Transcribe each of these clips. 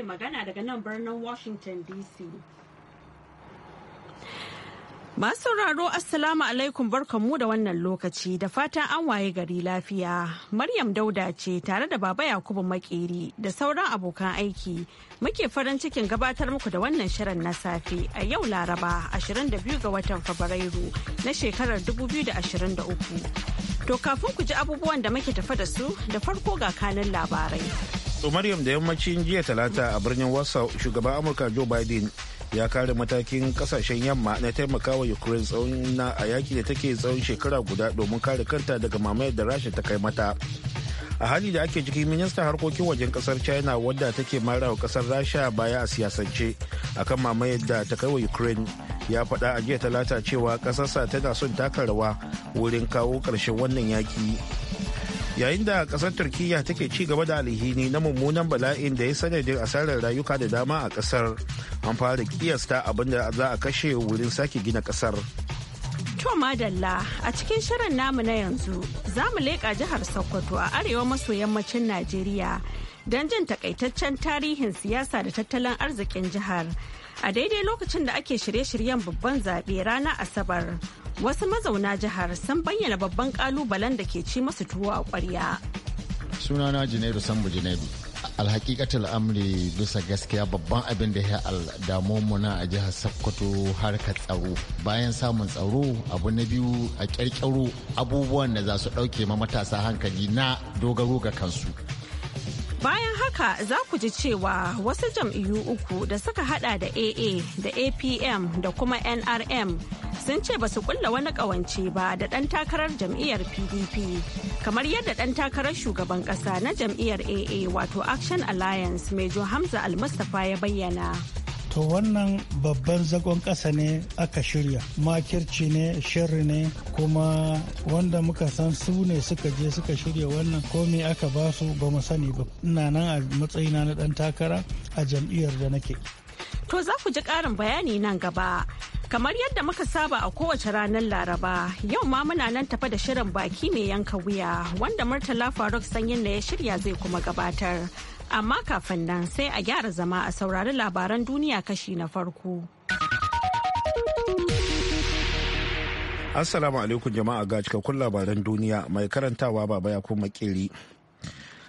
ke magana daga nan birnin Washington DC. Masu sauraro Assalamu alaikum barkanmu da wannan lokaci da fatan an waye gari lafiya. Maryam Dauda ce tare da Baba Yakubu Makeri da sauran abokan aiki muke farin cikin gabatar muku da wannan shirin na safe a yau Laraba 22 ga watan Fabrairu na shekarar 2023. To kafin ku ji abubuwan da muke tafa da su da farko ga kanin labarai. Maryam da yammacin jiya talata a birnin wasa shugaban Amurka Joe Biden ya kare matakin kasashen yamma na taimakawa Ukraine tsawon na a yaki da take tsawon shekara guda domin kare kanta daga mamayar da Rasha ta kai mata. A hali da ake cikin minista harkokin wajen kasar China wadda take marawa kasar Rasha baya a siyasance akan mamayar da ta kai wa Ukraine ya faɗa a jiya talata cewa ƙasarsa tana son taka rawa wurin kawo karshen wannan yaki. yayin da kasar turkiyya take ci gaba da alhini na mummunan bala'in da ya sanadin asarar rayuka da dama a kasar an fara kiyasta abinda za a kashe wurin sake gina kasar to madalla a cikin shirin namu na yanzu za mu leƙa jihar sokoto a arewa maso yammacin najeriya don jin takaitaccen tarihin siyasa da tattalin arzikin jihar a daidai lokacin da ake shirye-shiryen babban zaɓe rana asabar wasu mazauna jihar sun bayyana babban kalubalen da ke ci masu tuwo a kwarya. sunana janairu sambu janairu alhakikata amri bisa gaskiya babban abin da ya damu mu na a jihar sokoto harkar tsaro bayan samun tsaro abu na biyu a kyarkyaro abubuwan da za su ɗauke ma matasa hankali na dogaro ga kansu bayan haka za ku ji cewa wasu jam'iyyu uku da suka hada da aa da apm da kuma nrm sun ce ba su kulla wani kawance ba da ɗan takarar jam'iyyar pdp kamar yadda ɗan takarar shugaban ƙasa na jam'iyyar aa wato action alliance mejo hamza almustapha ya bayyana to wannan babban zagon ƙasa ne aka shirya makirci ne shirri ne kuma wanda muka san su ne suka je suka shirya wannan komi aka ba su ba mu sani ba ina nan a matsayina na ɗan takara a jam'iyyar da nake to za ku ji ƙarin bayani nan gaba Kamar yadda muka saba a kowace ranar Laraba, yau ma muna nan tafa da shirin baki mai yanka wuya wanda Murtala Faruk sanyin na ya shirya zai kuma gabatar. Amma kafin nan sai a gyara zama a saurari labaran duniya kashi na farko. Assalamu alaikum jama'a ga cikakkun labaran duniya mai karantawa baba ya kuma makeri.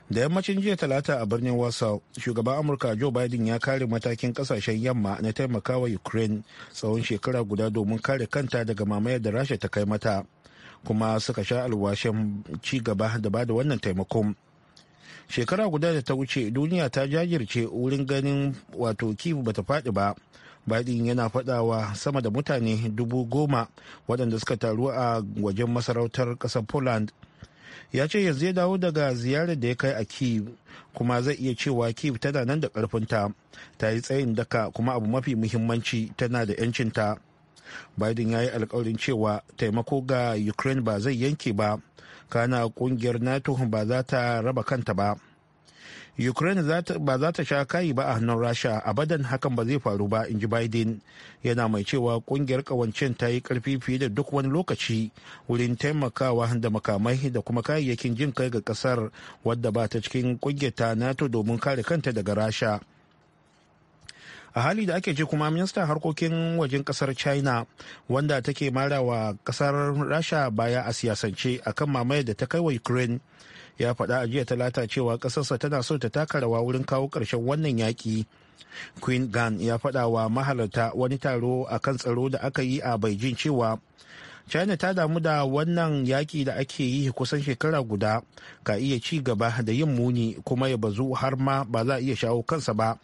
da yammacin jiya talata a birnin wasa shugaban amurka joe biden ya kare matakin kasashen yamma na taimakawa ukraine tsawon shekara guda domin kare kanta daga mamayar da rasha ta kai mata kuma suka sha alwashen ci gaba da ba da wannan taimakon shekara guda da ta wuce duniya ta jajirce wurin ganin wato kivu bata faɗi ba Biden yana faɗawa sama da mutane dubu goma waɗanda suka taru a wajen masarautar ƙasar Poland ya ce yanzu ya dawo daga ziyarar da ya kai a kiev kuma zai iya cewa kiev tana nan da karfinta ta yi tsayin daka kuma abu mafi muhimmanci tana da 'yancinta biden ya yi alkawarin cewa taimako ga ukraine ba zai yanke ba kana kungiyar nato ba za ta raba kanta ba ukraine ba za ta sha kayi ba a hannun rasha abadan hakan ba zai faru ba in ji biden yana mai cewa kungiyar kawancin ta yi karfi fiye da duk wani lokaci wurin taimakawa da makamai da kuma kayayyakin jin kai ga kasar wadda ba ta cikin kungiyar ta nato domin kare kanta daga rasha a hali da ake ji kuma ministan harkokin wajen kasar china wanda take mara wa kasar rasha baya a siyasance akan mamaye da ta kai wa ukraine ya faɗa a jiya talata cewa ƙasarsa tana so ta taka rawa wurin kawo ƙarshen wannan yaƙi queen gan ya faɗa wa mahalarta wani taro a kan tsaro da aka yi a beijing cewa china ta damu da wannan yaƙi da ake yi kusan shekara guda ka iya ci gaba da yin muni kuma ya bazu har ma ba za a iya shawo kansa ba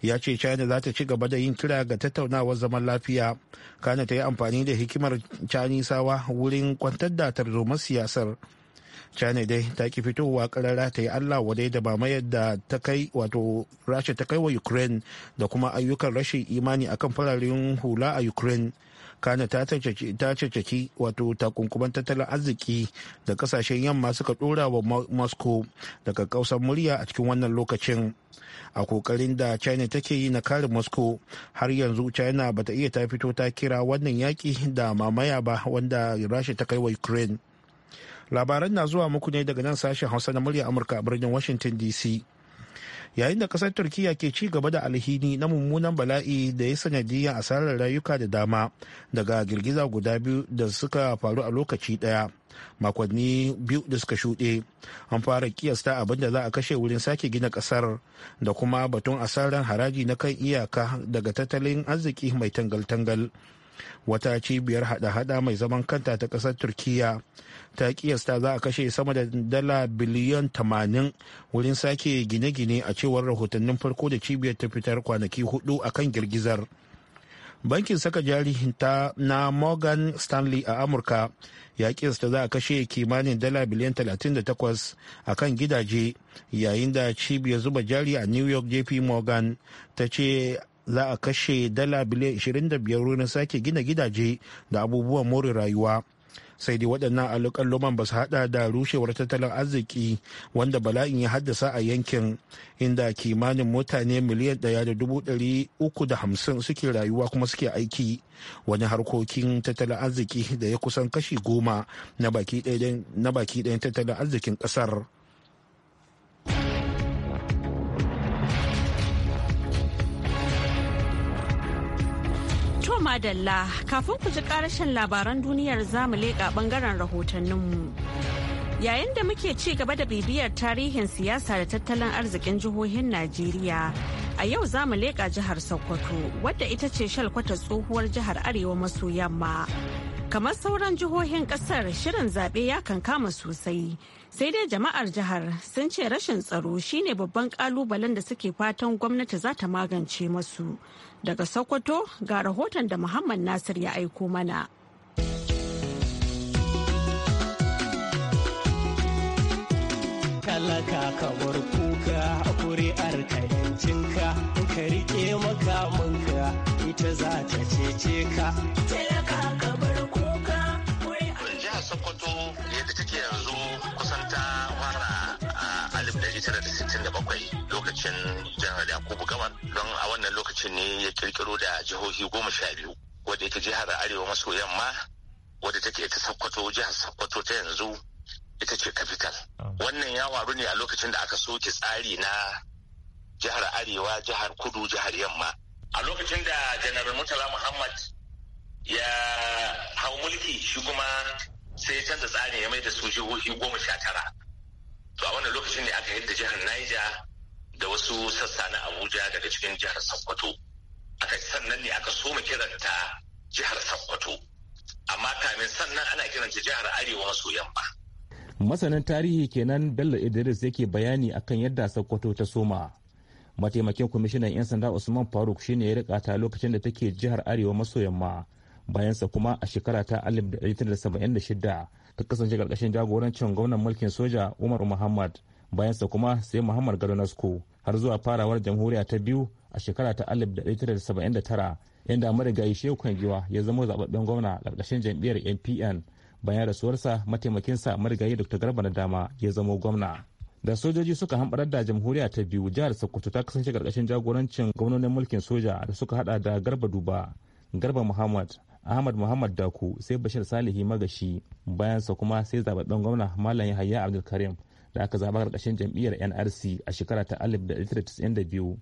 ya ce china za ta ci gaba da yin kira ga tattaunawar zaman lafiya kana ta yi amfani da hikimar canisawa wurin kwantar da tarzoman siyasar china dai ta ki fitowa karara ta yi allah wadai da ba da ta kai wato rasha ta kai wa ukraine da kuma ayyukan rashin imani akan fararen hula a ukraine kana ta caceki wato takunkuman tattalin arziki da kasashen yamma suka dora wa moscow daga kausar murya a cikin wannan lokacin a kokarin da china take yi na kare moscow har yanzu china bata iya ta fito ta kira wannan yaki da mamaya ba wanda rasha ta kai wa ukraine labaran na zuwa muku ne daga nan sashen hausa na murya amurka a birnin washington dc yayin da kasar turkiya ke ci gaba da alhini na mummunan bala'i da ya sanadiyya asarar rayuka da dama daga girgiza guda biyu da suka faru a lokaci daya makonni biyu da suka shuɗe an fara kiyasta abin da za a kashe wurin sake gina kasar da kuma batun asarar haraji na kan iyaka daga tattalin arziki mai tangal-tangal wata cibiyar hada-hada mai zaman kanta ta kasar turkiya ta kiyasta za a kashe sama da dala biliyan tamanin wurin sake gine-gine a cewar rahotannin farko da cibiyar ta fitar kwanaki hudu a kan girgizar bankin saka jari ta na morgan stanley a amurka ya kiyasta za a kashe kimanin dala biliyan 38 a kan gidaje yayin da cibiyar zuba jari a new york jp morgan ta ce za a kashe dala biliyan 25 wurin sake gina gidaje da abubuwan more rayuwa sai dai waɗannan alukan loman ba su hada da rushewar tattalin arziki wanda bala'in ya haddasa a yankin inda kimanin mutane miliyan ɗaya da dubu ɗari uku da hamsin suke rayuwa kuma suke aiki wani harkokin tattalin arziki da ya kusan kashi goma na baki ɗayan tattalin arzikin ƙasar. madalla kafin ku ji karashin labaran duniyar zamu leƙa bangaren rahotanninmu. Yayin da muke ci gaba da bibiyar tarihin siyasa da tattalin arzikin jihohin Najeriya, a yau zamu leƙa jihar Sokoto, wadda ita ce shalkwata tsohuwar jihar Arewa maso yamma. Kamar sauran jihohin ƙasar shirin zaɓe ya kama sosai. sai dai jama'ar jihar sun ce rashin tsaro shine babban ƙalubalen da suke fatan gwamnati za ta magance masu Daga Sokoto ga rahoton da Muhammad Nasir ya aiko mana. Talaka kamar kuka a kuri'ar kayancinka ka rike makamanka ita za ta cece ka. Talaka lokacin ne ya kirkiro da jihohi goma sha biyu wadda ita jihar arewa maso yamma wadda take ta sakkwato jihar sakkwato ta yanzu ita ce capital wannan ya waru ne a lokacin da aka soke tsari na jihar arewa jihar kudu jihar yamma a lokacin da janar murtala muhammad ya hau mulki shi kuma sai ya canza tsarin ya mai da su jihohi goma sha tara to a wannan lokacin ne aka yadda jihar niger da wasu sassa na abuja daga cikin jihar sokoto aka sannan ne aka soma kiranta jihar sokoto amma kamin sannan ana kiranta jihar arewa maso yamma masanin tarihi kenan bello idris yake bayani akan yadda sokoto ta soma mataimakin kwamishinan 'yan sanda usman faruk shine ya rika ta lokacin da take jihar arewa maso yamma bayansa kuma a shekara ta 1976 ta kasance karkashin jagorancin gwamnan mulkin soja umar muhammad bayansa kuma sai muhammad gado nasko har zuwa farawar jamhuriya ta biyu a shekara ta 1979 inda marigayi shehu kwangiwa ya zama zababben gwamna ƙarƙashin jam'iyyar npn bayan rasuwarsa mataimakinsa marigayi dr garba na dama ya zama gwamna da sojoji suka hamɓarar da jamhuriya ta biyu jihar sokoto ta kasance ƙarƙashin jagorancin gwamnonin mulkin soja da suka haɗa da garba duba garba muhammad ahmad muhammad daku sai bashir salihi magashi bayansa kuma sai zababben gwamna malam yahaya abdulkarim da aka zaba karkashin jam'iyyar nrc a shekara ta 1992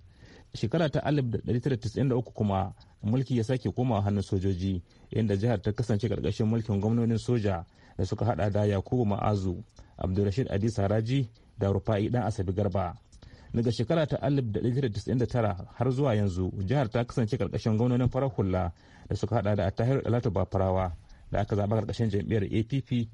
shekara ta 1993 kuma mulki ya sake koma hannun sojoji inda jihar ta kasance karkashin mulkin gwamnonin soja da suka hada da yakubu ma'azu abdulrashid adi saraji da rufa'i dan asabi garba daga shekara ta 1999 har zuwa yanzu jihar ta kasance karkashin gwamnonin farar hula da suka hada da a dalatu bafarawa da aka zaba karkashin jam'iyyar app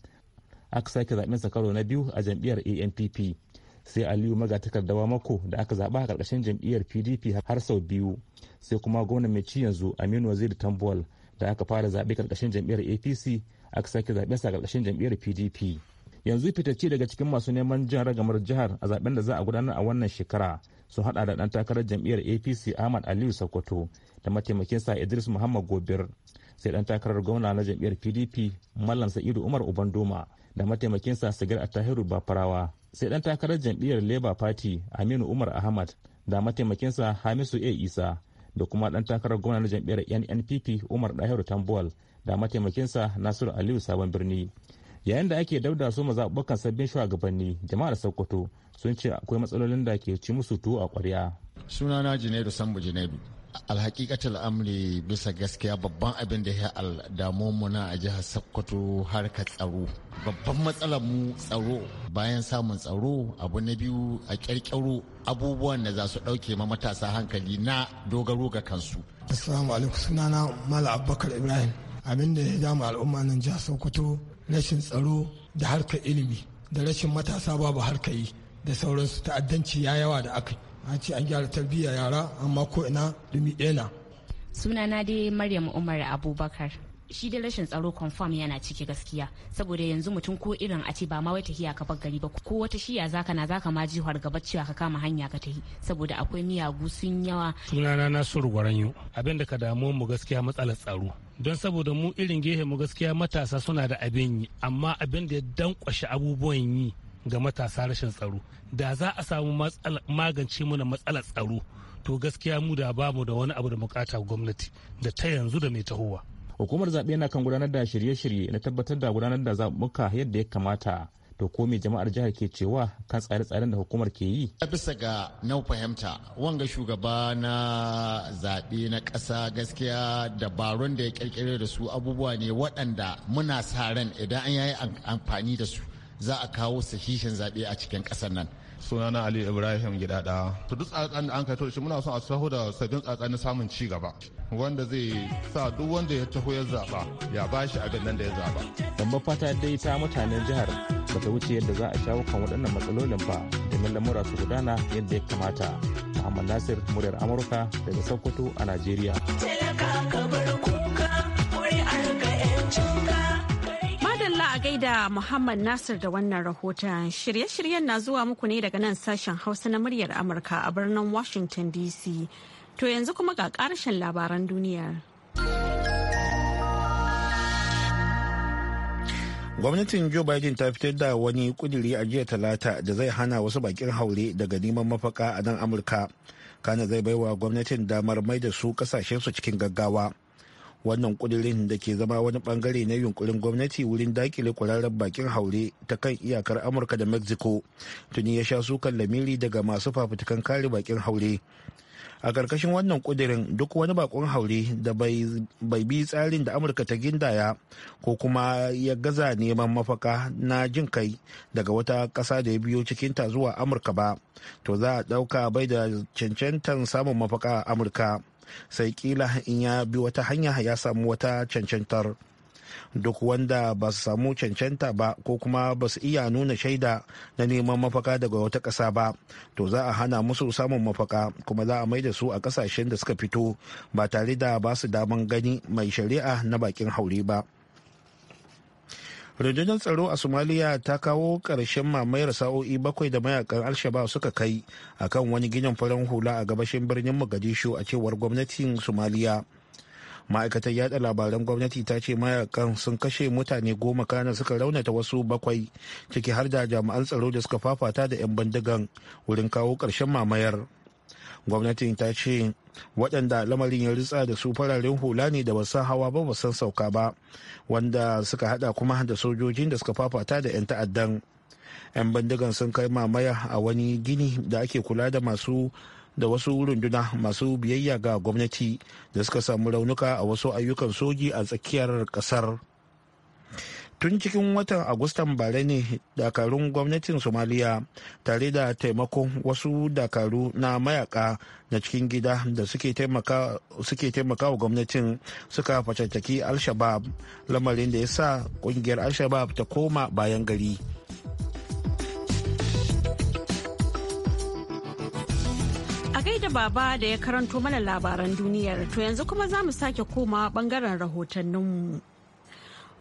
aka sake zaben sa karo na biyu a jam'iyyar ANPP sai Aliyu magatakardawa mako da aka zaɓa a karkashin jam'iyyar PDP har sau biyu sai kuma gwamna mai ci yanzu Aminu Waziri Tambol da aka fara zabe karkashin jam'iyyar APC aka sake zaben sa karkashin jam'iyyar PDP yanzu fitacce daga cikin masu neman jin ragamar jihar a zaɓen da za a gudanar a wannan shekara sun haɗa da ɗan takarar jam'iyyar apc ahmad aliyu sokoto da mataimakin sa idris muhammad gobir sai ɗan takarar gwamna na jam'iyyar pdp mallam sa'idu umar ubandoma da mataimakinsa sigar a tahiru bafarawa sai dan takarar jam'iyyar labour party aminu umar ahmad da mataimakinsa hamisu a isa da kuma dan takarar gwamnan jam'iyyar nnpp umar dahiru tambuwal da mataimakinsa nasiru aliyu sabon birni yayin da ake dauda su mazaɓuɓɓukan sabbin shugabanni jama'ar sokoto sun ce akwai matsalolin da ke ci musu tuwo a ƙwarya sunana janairu sambu janairu alhakikatar amri bisa gaskiya babban abin da ya damuwa na a jihar sokoto harkar tsaro babban matsalar mu tsaro bayan samun tsaro abu na biyu a kyarkyaro abubuwan da za su ɗauke ma matasa hankali na dogaro ga kansu assalamu alaikum sunana mala abubakar ibrahim abin da ya damu al'umma nan jihar sokoto rashin tsaro da harkar ilimi da rashin matasa babu harkar yi da sauransu ta'addanci ya yawa da aka yi an ce an gyara tarbiyya yara amma ko ina dumi ɗaya sunana dai maryam umar abubakar shi da rashin tsaro confirm yana ciki gaskiya saboda yanzu mutum ko irin a ce ba ma wai tahiya ka bar gari ba ko wata shiya zaka na zaka ma ji gaba cewa ka kama hanya ka tahi saboda akwai miyagu sun yawa sunana nasiru gwaranyo abin da ka damu mu gaskiya matsalar tsaro don saboda mu irin gehe mu gaskiya matasa suna da abin yi amma abin da ya dankwashe abubuwan yi ga matasa rashin tsaro da za a samu magance mana matsalar tsaro to gaskiya mu da babu da wani abu da bukata gwamnati da ta yanzu da mai tahowa hukumar zaɓe na kan gudanar da shirye-shirye na tabbatar da gudanar da zaɓuka yadda ya kamata to ko me jama'ar jihar ke cewa kan tsare-tsaren da hukumar ke yi a bisa ga nau fahimta wanga shugaba na zaɓe na ƙasa gaskiya dabarun da ya kirkire da su abubuwa ne waɗanda muna sa ran idan an yayi amfani da su za a kawo sahihin zaɓe a cikin ƙasar nan sunana ali ibrahim gidada to duk tsatsan da an kai to shi muna son a taho da sabbin tsatsan na samun ci gaba wanda zai sa duk wanda ya taho ya zaba ya bashi abin nan da ya zaba babbar fata dai ta mutanen jihar ba ta wuce yadda za a shawo kan waɗannan matsalolin ba domin lamura su gudana yadda ya kamata muhammad nasir muryar amurka daga sokoto a najeriya talaka gaida Muhammad Nasir da wannan rahoton. Shirye-shiryen na zuwa muku ne daga nan sashen Hausa na muryar Amurka a birnin Washington DC. To yanzu kuma ga ƙarshen labaran duniya gwamnatin joe biden ta fitar da wani kuduri a jiya talata da zai hana wasu bakin haure daga neman mafaka a nan amurka kana zai baiwa gwamnatin damar mai da su kasashensu cikin gaggawa wannan kudirin da ke zama wani bangare na yunkurin gwamnati wurin dakile kwararren bakin haure ta kan iyakar amurka da mexico tuni ya sha sukan lamiri daga masu fafutukan kare bakin haure a karkashin wannan kudirin duk wani bakon haure da bai bi tsarin da amurka ta gindaya ko kuma ya gaza neman mafaka na jin kai daga wata ƙasa da ya biyo cikinta zuwa amurka ba to za a ɗauka bai da cancantan samun mafaka a amurka sai kila in ya bi wata hanya ya samu wata cancantar duk wanda ba su samu cancanta ba ko kuma ba su iya nuna shaida na neman mafaka daga wata ƙasa ba to za a hana musu samun mafaka kuma za a mai da su a ƙasashen da suka fito ba tare da ba su daman gani mai shari'a na bakin haure ba. rundunar tsaro a somaliya ta kawo ƙarshen mamayar sa'o'i bakwai da mayakan alshaba suka kai akan wani ginin farin hula a gabashin birnin mogadishu a cewar gwamnatin somaliya ma'aikatar yada labaran gwamnati ta ce mayakan sun kashe mutane goma kana suka raunata wasu bakwai ciki har da jami'an tsaro da suka fafata da 'yan bindigan wurin kawo ƙarshen mamayar gwamnatin ta ce waɗanda lamarin ya ritsa da su fararen hula ne da basan hawa ba basan sauka ba wanda suka hada kuma da sojojin da suka fafata da 'yan ta'addan 'yan bindigan sun kai mamaya a wani gini da ake kula da masu da wasu runduna masu biyayya ga gwamnati da suka samu raunuka a wasu ayyukan soji a tsakiyar kasar tun cikin watan agustan bare ne dakarun gwamnatin somaliya tare da taimakon wasu dakaru na mayaka na cikin gida da suke taimaka wa gwamnatin suka fatattaki al-shabab lamarin da ya sa kungiyar al-shabab ta koma bayan gari a gaida baba da ya karanto mana labaran duniyar to yanzu kuma za mu sake koma bangaren rahotanninmu.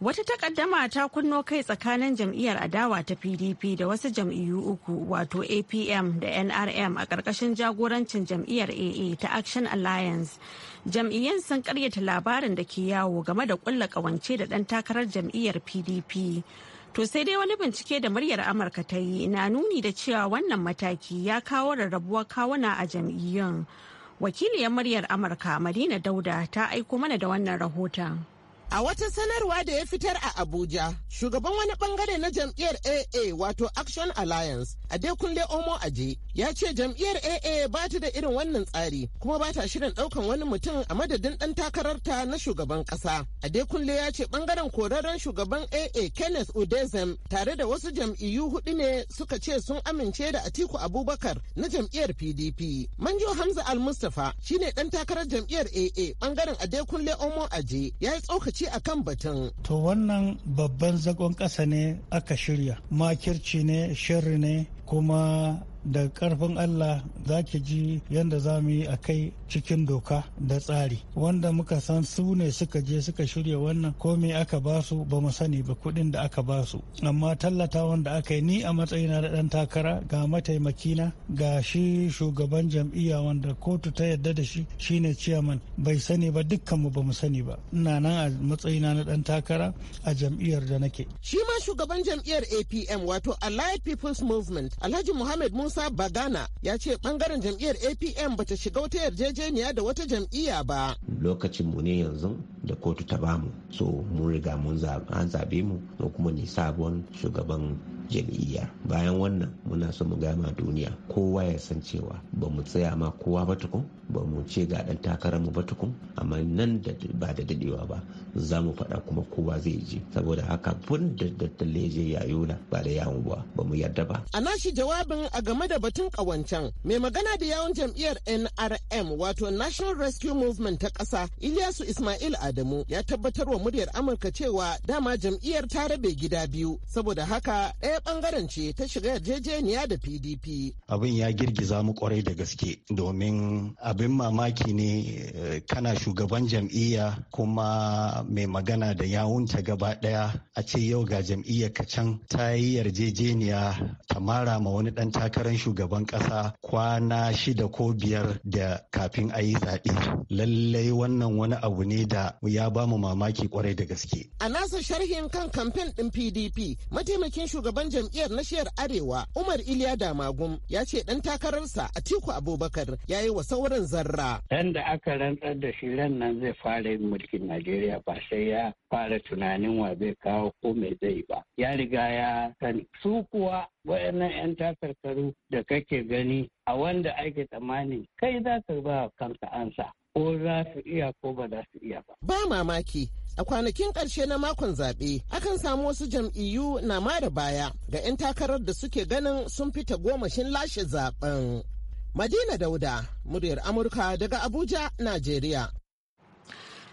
Wata takaddama ta kunno kai tsakanin jam'iyyar adawa ta PDP da wasu jam'iyyu uku wato APM da NRM a ƙarƙashin jagorancin jam'iyyar AA ta Action Alliance. Jam'iyyan sun ƙaryata labarin da ke yawo game da ƙulla ƙawance da ɗan takarar jam'iyyar PDP. To sai dai wani bincike da muryar Amurka ta yi na nuni da cewa wannan mataki ya kawo rarrabuwar kawuna a jam'iyyun. Wakiliyar muryar Amurka Madina Dauda ta aiko mana da wannan rahoton. A wata sanarwa da ya fitar a Abuja, shugaban wani bangare na jam'iyyar AA wato Action Alliance, Adekunle Omo Aje, ya ce jam'iyyar AA ba ta da irin wannan tsari kuma ba ta shirin ɗaukan wani mutum a madadin ɗan takararta na shugaban ƙasa. Adekunle ya ce bangaren korarren shugaban AA Kenneth Udezem tare da wasu jam'iyyu hudu ne suka ce sun amince da Atiku Abubakar na jam'iyyar PDP. Manjo Hamza Al-Mustapha shine ɗan takarar jam'iyyar AA bangaren Adekunle Omo Aje ya yi tsokaci a kan batun. To wannan babban zagon ƙasa ne aka shirya, makirci ne, shirri ne, kuma da karfin allah za ki ji yadda za mu yi a kai cikin doka da tsari wanda muka san su ne suka je suka shirya wannan ko me aka ba su ba mu sani ba kuɗin da aka ba su amma tallata wanda aka yi ni a matsayina da ɗan takara ga mataimakina ga shi shugaban jam'iyya wanda kotu ta yadda da shi shine chairman bai sani ba dukkanmu ba mu sani ba ina nan a matsayina na dan takara a jam'iyyar da nake shi ma shugaban jam'iyyar apm wato allied people's movement alhaji muhammad musa Musa Bagana ya ce bangaren jam'iyyar APM bata shiga wata yarjejeniya da wata jam'iyya ba. Lokacin mu ne yanzu da kotu ta bamu. So mun riga mun an zabe mu mu kuma ni sabon shugaban jam'iyya bayan wannan muna so mu gama duniya kowa ya san cewa ba mu tsaya ma kowa ba tukun ba mu ce ga dan takarar mu ba tukun amma nan da ba da dadewa ba za mu faɗa kuma kowa zai ji saboda haka bun da dattale je yuna ba da yawon ba ba mu yarda ba a nashi jawabin a game da batun kawancan mai magana da yawon jam'iyyar NRM wato National Rescue Movement ta ƙasa Ilyasu Ismail Adamu ya tabbatar wa muryar Amurka cewa dama jam'iyyar ta rabe gida biyu saboda haka ɗaya ɗaya ɓangaren ce ta shiga yarjejeniya da PDP. Abin ya girgiza mu kwarai da gaske domin abin mamaki ne eh, kana shugaban jam'iyya kuma mai magana da yawunta gaba ɗaya a ce yau ga jam'iyyar ka can ta yi yarjejeniya ta mara ma wani ɗan takarar shugaban ƙasa kwana shida ko biyar da kafin a yi zaɓe. Lallai wannan wani abu ne da ya ba mu mamaki kwarai da gaske. A nasa sharhin kan kamfen ɗin PDP mataimakin shugaban shugaban jam'iyyar na shiyar arewa umar iliya damagum ya ce dan takararsa a tiku abubakar ya yi wa sauran zarra dan da aka rantsar da shi ran nan zai fara yin mulkin najeriya ba sai ya fara tunanin wa zai kawo ko mai zai ba ya riga ya sani su kuwa waɗannan 'yan takarkaru da kake gani a wanda ake tsammani kai za ka ba kanka ansa ko za su iya ko ba za su iya ba. Ba mamaki a kwanakin ƙarshe na makon zaɓe akan samu wasu jam'iyyu na mara baya ga 'yan takarar da suke ganin sun fita gomashin lashe zaɓen. Madina Dauda, muryar Amurka daga Abuja, Najeriya.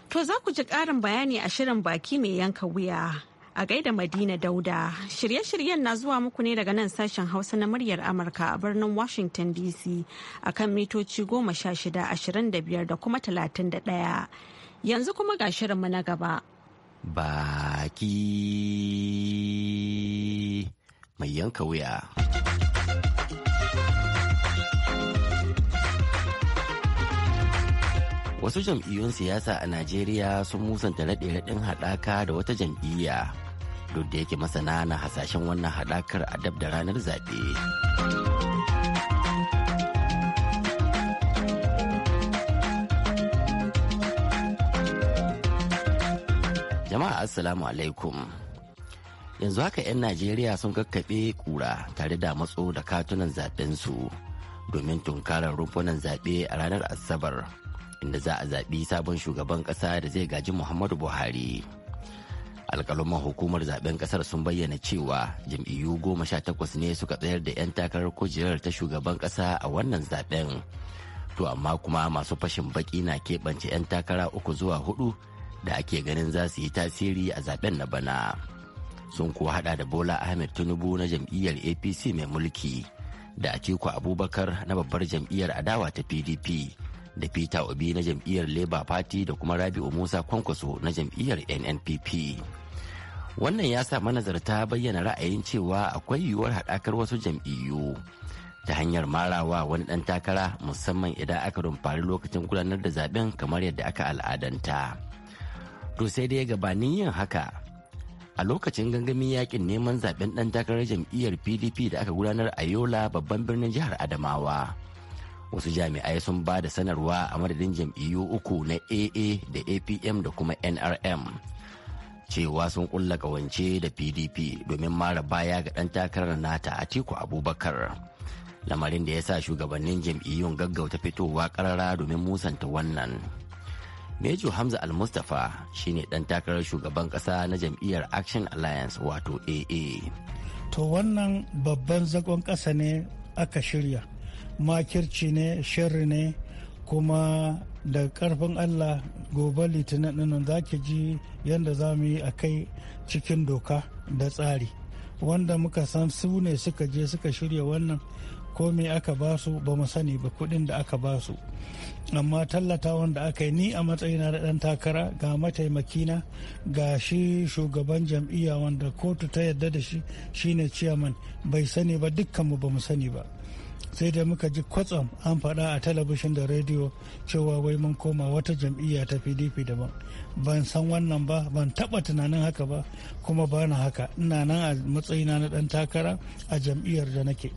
To za ku ji ƙarin bayani a shirin baki mai yanka wuya. a gaida Madina Dauda. Shirye-shiryen na zuwa muku ne daga nan sashen Hausa na muryar Amurka a birnin Washington DC a kan mitoci goma sha shida ashirin da biyar da kuma talatin Yanzu kuma ga shirinmu na gaba. Baki mai yanka wuya. Wasu jam'iyyun siyasa a Najeriya sun musanta raɗe-raɗin haɗaka da wata jam'iyya. duk da yake masana na hasashen wannan hadakar a dab da ranar zaɓe. jama'a assalamu alaikum yanzu haka 'yan najeriya sun kakkaɓe kura tare da matso da katunan zaɓensu domin tunkarar rumfunan zaɓe a ranar asabar inda za a zaɓi sabon shugaban ƙasa da zai gaji muhammadu buhari alkaluman hukumar zaben ƙasar sun bayyana cewa jam'iyyu goma sha takwas ne suka tsayar da 'yan takarar kujerar ta shugaban ƙasa a wannan zaben to amma kuma masu fashin baki na keɓance 'yan takara uku zuwa hudu da ake ganin za su yi tasiri a zaben na bana sun kuwa hada da bola ahmed tinubu na jam'iyyar apc mai mulki da atiku abubakar na babbar jam'iyyar adawa ta pdp da peter obi na jam'iyyar labour party da kuma rabi'u musa kwankwaso na jam'iyyar nnpp wannan ya sa manazarta bayyana ra'ayin cewa akwai yiwuwar haɗakar wasu jam'iyyu ta hanyar marawa wani ɗan takara musamman idan aka rumfari lokacin gudanar da zaben kamar yadda aka al'adanta to sai dai gabanin yin haka a lokacin gangamin yakin neman zaben ɗan takarar jam'iyyar pdp da aka gudanar a yola babban birnin jihar adamawa wasu jami'ai sun ba da sanarwa a madadin jam'iyyu uku na aa da apm da kuma nrm cewa sun kulla kawance da pdp domin mara baya ga ɗan takarar nata a tiku abubakar lamarin da ya sa shugabannin jam'iyyun gaggauta fitowa karara domin musanta wannan mejo hamza al-mustapha shine ɗan takarar shugaban ƙasa na jam'iyyar action alliance wato aa to wannan babban zagon ƙasa ne aka shirya makirci ne sharri ne kuma da karfin allah gobe litinin ɗinnan za ki ji yadda za mu yi a kai cikin doka da tsari wanda muka san su ne suka je suka shirya wannan ko me aka ba su ba mu sani ba kudin da aka ba su amma tallata wanda aka yi ni a matsayina da ɗan takara ga mataimakina ga shi shugaban jam'iyya wanda kotu ta yarda da shi shine ciyaman bai sani ba dukkanmu ba mu sani ba sai da muka ji kwatsam an faɗa a talabishin da rediyo cewa wai mun koma wata jam'iyya ta pdp daban ban san wannan ba ban taɓa tunanin haka ba kuma ba na haka ina nan a matsayina na ɗan takara a jam'iyyar da nake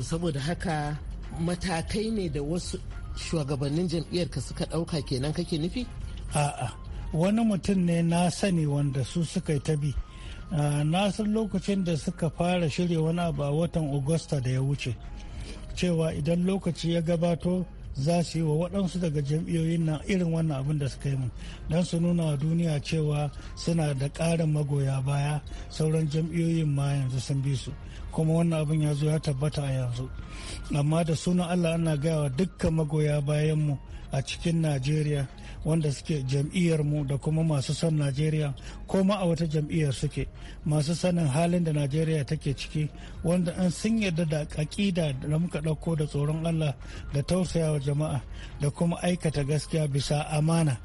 saboda haka matakai ne da wasu shugabannin jam'iyyar ka suka ɗauka kenan kake nufi a'a wani mutum ne na sani wanda su suka yi tabi ah, na san lokacin da suka fara shirya wani abu a watan augusta da ya wuce cewa idan lokaci ya gabato za su yi wa waɗansu daga jam'iyoyin na irin wannan abin da suka yi min don su nuna wa duniya cewa suna da ƙarin magoya baya sauran jam'iyoyin ma yanzu sun bi su kuma wannan abin ya zo ya tabbata a yanzu amma da sunan allah ana gaya wa dukkan magoya bayanmu a cikin najeriya wanda suke jam'iyyar mu da kuma masu son najeriya ko ma a wata jam'iyyar suke masu sanin halin da najeriya take ciki wanda an sun yarda da aƙida da muka ɗauko da tsoron allah da tausayawa jama'a da kuma aikata gaskiya bisa amana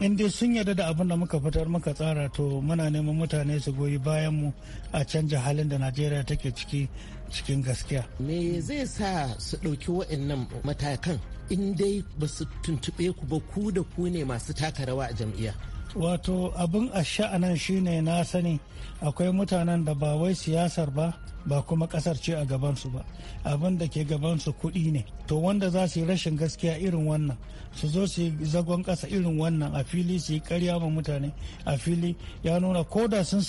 in dai sun yarda da abin da muka fitar muka tsara to muna neman mutane su goyi bayan mu a canja halin da najeriya take ciki cikin gaskiya. Me zai sa su ɗauki wa'annan matakan in dai ba su tuntuɓe ku ba ku da ku ne masu taka rawa a jam'iyya wato abin a sha'anan shine na sani akwai mutanen da ba wai siyasar ba ba kuma kasar ce a gabansu ba abin da ke gabansu kuɗi ne to wanda za su yi rashin gaskiya irin wannan su zo su yi zagon ƙasa irin wannan a fili su yi karya ma mutane a fili ya nuna ko da sun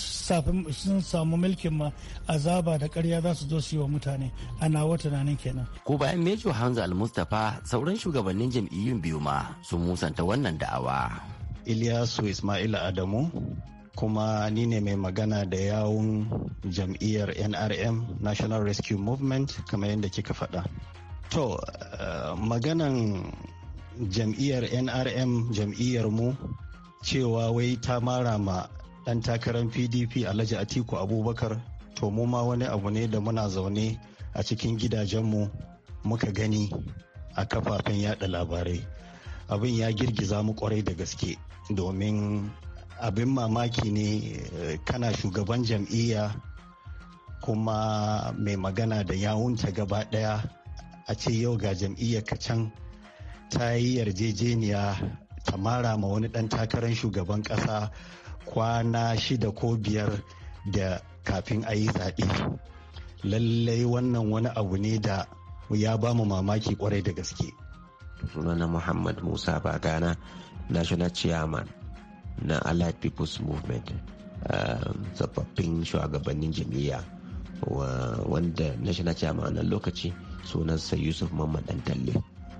samu mulkin ma azaba da karya za su zo su yi wa mutane ana wa tunanin kenan. ko bayan mejo hamza al-mustapha sauran shugabannin jam'iyyun biyu ma sun musanta wannan da'awa. Ilyasu Ismaila Adamu kuma ni ne mai magana da yawun jam'iyyar NRM National Rescue Movement kamar yadda kika faɗa. To, uh, maganan jam'iyyar NRM jam'iyyar mu cewa wai ta mara ma ɗan takarar PDP Alhaji Atiku Abubakar to mu ma wani abu ne da muna zaune a cikin gidajenmu muka gani a kafafen yada labarai. abin ya girgiza mu kwarai da gaske domin abin mamaki ne eh, kana shugaban jam'iyya kuma mai magana da yawunta gaba daya a ce yau ga jam'iyyar ka can ta yi yarjejeniya ta mara ma wani dan takarar shugaban kasa kwana shida ko biyar da kafin a yi zaɓe lallai wannan wani abu ne da ya ba mu mamaki kwarai da gaske sunana muhammad musa bagana national chairman na allied people's movement um, tsofaffin shugabannin wa, wanda national chairman a lokaci sunansa yusuf mamman dan talle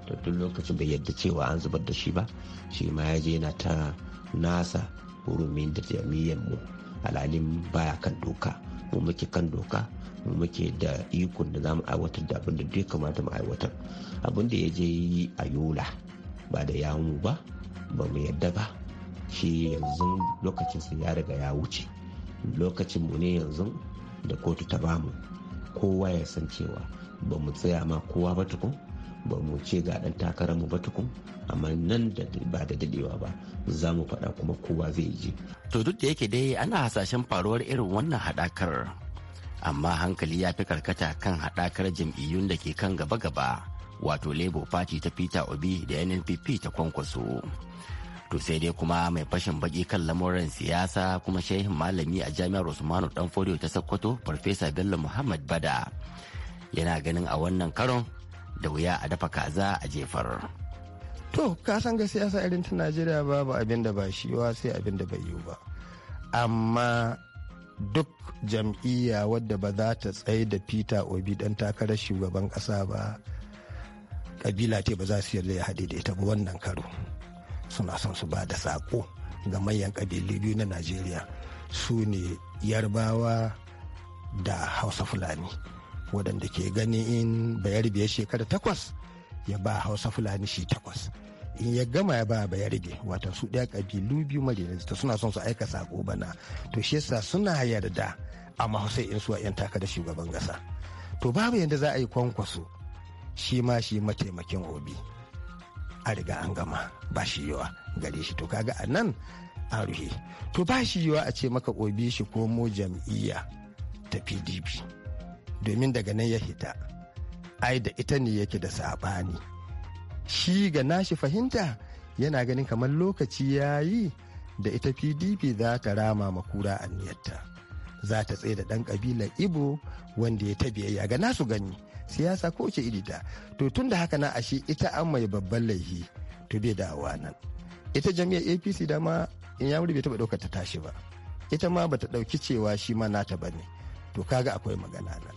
to duk lokacin bai yadda cewa an zubar da shi ba shi ma ya je yana ta nasa hurumin da jami'an mu alalin baya kan doka mu muke kan doka mu muke da ikon da zamu aiwatar da abin da duk kamata mu aiwatar abin da ya je yi a yola ba da yamu ba ba mu yadda ba shi yanzu lokacinsa ya riga ya wuce lokacin mu ne yanzu da kotu ta bamu kowa ya san cewa ba mu tsaya ma kowa ba tukun ba mu ce ga dan takararmu ba tukun amma nan da ba da dadewa ba za mu faɗa kuma kowa zai ji to duk da yake dai ana hasashen faruwar irin wannan haɗakar amma hankali ya fi karkata kan haɗakar jam'iyyun da ke kan gaba-gaba wato labour party ta peter obi da nnpp ta kwankwaso to sai dai kuma mai fashin baki kan lamuran siyasa kuma shehin malami a jami'ar usmanu danfodiyo ta sokoto farfesa bello muhammad bada yana ganin a wannan karon da wuya a dafa kaza a jefar to ka san ga siyasa irin ta najeriya babu abin da ba shi wa sai abin da bai yiwu ba amma duk jam'iyya wadda ba za ta tsaye da peter obi dan takarar shugaban kasa ba kabila ce ba za su yarda ya haɗe da ita ba wannan karo suna son su ba da sako ga manyan kabilu biyu na najeriya su ne yarbawa da hausa fulani waɗanda ke gani in biya shekara takwas ya ba hausa fulani shi takwas in ya gama ya ba bayarbe wata su ɗaya kabilu biyu majalisa suna son su aika saƙo bana to shi yasa suna yarda amma hausa in a 'yan takarar shugaban gasa to babu yadda za a yi kwankwaso shi ma shi mataimakin obi a riga an gama ba shi yiwa gare shi to kaga a nan a ruhe to ba shi yiwa a ce maka obi shi ko mu jam'iyya ta pdp domin daga nan ya hita ai da ita ne yake da saɓani shi ga nashi fahimta yana ganin kamar lokaci ya yi da ita pdp za ta rama makura aniyarta za ta tsaye da ɗan ƙabilar ibo wanda ya ta biyayya ga nasu gani siyasa ko ce iri ta to tun da haka na ashe ita an mai babban laifi to bai dawowa nan ita jami'ar apc dama in yamuri bai taba ɗaukar ta tashi ba ita ma bata ɗauki cewa shi ma nata ba ne to kaga akwai magana nan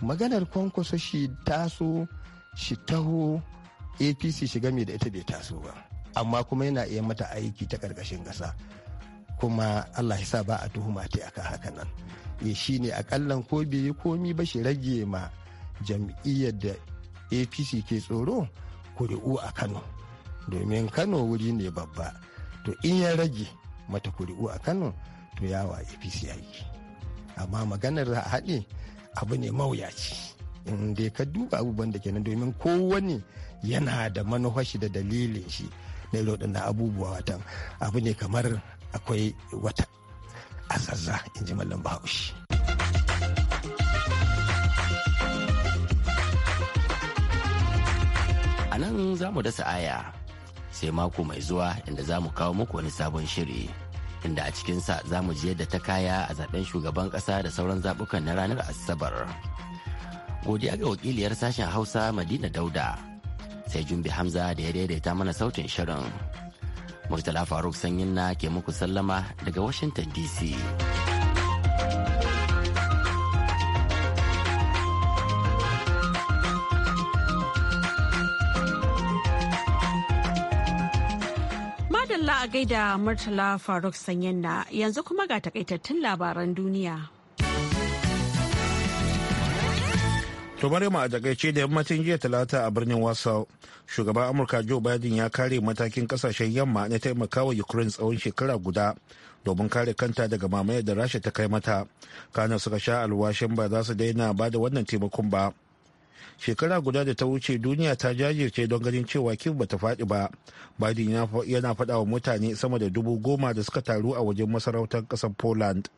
maganar kwankwaso shi taso shi taho apc shiga mai da ita bai taso ba amma kuma yana iya mata aiki ta ƙarƙashin ƙasa kuma allah ya sa ba a tuhuma ta akan haka nan ya eh, shi ne akallan ko bai yi komi ba shi rage ma jam'iyyar da apc ke tsoro kuri'u a kano domin kano wuri ne babba to in ya rage mata kuri'u a kano to yawa apc yi amma maganar a haɗe abu ne mawuyaci in dai ka duba abubuwan da kenan domin kowane yana da manufashi da dalilin shi na waɗannan abubuwa watan abu ne kamar akwai wata asazza in ji mallam bahaushe za mu dasa aya sai mako mai zuwa inda za mu kawo muku wani sabon shiri inda a cikinsa za mu ji yadda ta kaya a zaben shugaban kasa da sauran zabukan na ranar asabar godiya ga wakiliyar sashen hausa madina dauda sai jumbi hamza da ya daidaita mana sautin shirin murtala faruk sanyin na ke muku sallama daga washington dc Madalla a gaida Murtala Faruk Sanyanna yanzu kuma ga takaitattun labaran duniya. To a takaice da yammacin jiya talata a birnin Wasau, shugaban Amurka Joe Biden ya kare matakin kasashen yamma na taimakawa Ukraine tsawon shekara guda domin kare kanta daga mamayar da Rasha ta kai mata. Kana suka sha alwashin ba za su daina ba da wannan taimakon ba. shekara guda da ta wuce duniya ta jajirce don ganin cewa kif ta faɗi ba biden yana faɗa wa mutane sama da dubu goma da suka taru a wajen masarautar ƙasar poland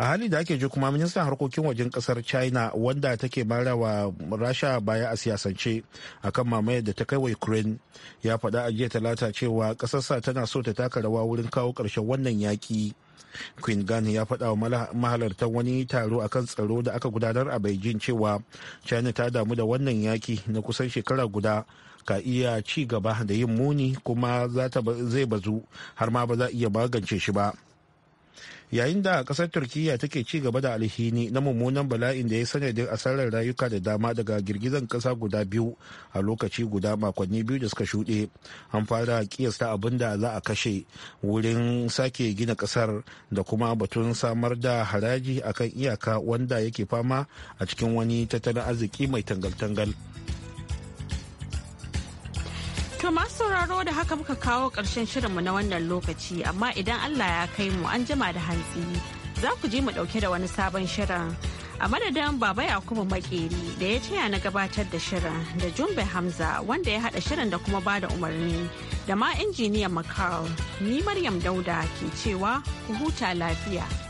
a hali da ake ji kuma ministan harkokin wajen kasar china wanda take mara wa rasha baya a siyasance akan mamayar da ta kai wa ukraine ya faɗa a jiya talata cewa ƙasarsa tana so ta taka rawa wurin kawo ƙarshen wannan yaƙi queen gan ya faɗa wa mahalartar wani taro akan tsaro da aka gudanar a beijing cewa china ta damu da wannan yaki na kusan shekara guda ka iya ci gaba da yin muni kuma zai bazu har ma ba za iya magance shi ba yayin da kasar turkiya take ci gaba da alhini na mummunan bala'in da ya sanadin asarar rayuka da dama daga girgizan kasa guda biyu a lokaci guda makonni biyu da suka shuɗe an fara kiyasta abin da za a kashe wurin sake gina kasar da kuma batun samar da haraji akan iyaka wanda yake fama a cikin wani tattalin arziki mai tangal-tangal. To masu sauraro da haka muka kawo ƙarshen shirinmu na wannan lokaci amma idan Allah ya kai mu an jima da hantsi za ku je mu ɗauke da wani sabon shirin. A madadin Baba Yakubu Makeri da ya taya na gabatar da shirin da Jumbe Hamza wanda ya haɗa shirin da kuma ba da umarni da ma injiniyan Makar ni Maryam Dauda ke cewa ku huta lafiya.